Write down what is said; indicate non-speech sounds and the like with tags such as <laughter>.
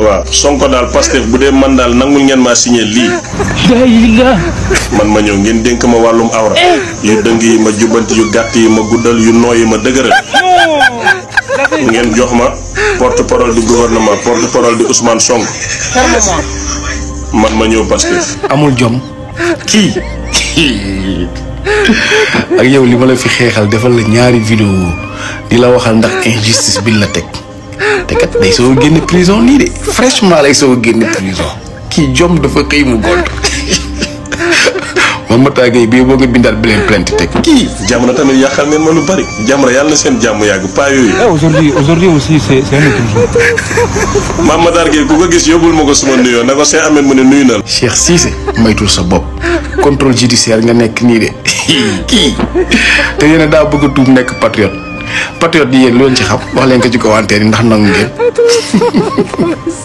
waaw sonko daal Pastef bu dee man daal nangul ngeen maa signé lii. man ma ñëw ngeen dénk ma wàllum awra. yu dëng yi ma jubbanti yu gàtt yi ma guddal yu nooy yi ma dëgëral. ngeen jox ma porte parole di gouvernement porte parole du Ousmane Sonko. man ma ñëw Pastef. amul jom kii ak yow li ma la fi xeexal defal la ñaari vidéo di la waxal ndax injustice bi la teg. te kat day soo génn prison nii de fraîchement lay soo génn prison kii jom dafa xëy mu gont moom Matar Gueye bii boo nga bi bileen plainte teg kii Jamra tamit yàqal ngeen ma lu bari Jamra yàlla na seen jàmm yàgg pas yooyu eh, aujourd'hui aujourd'hui aussi c'est c'est un autre ku ko gis yóbbul ma ko suma nuyoo na ko seen amee mu ne nuyu na la Cheikh Cissé maytul sa bopp contrôle judiciaire nga nekk nii de <laughs> kii te yéen daa bëgg a tuub nekk patriote patriote yi yéen loolu ci xam wax leen ko ci ko wanteer yi ndax nangu ngeen <laughs>